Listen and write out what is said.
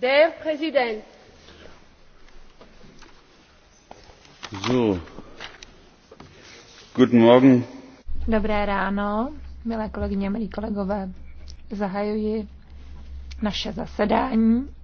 der präsident! dobré ráno milé kolegyně milí kolegové zahajuji naše zasedání.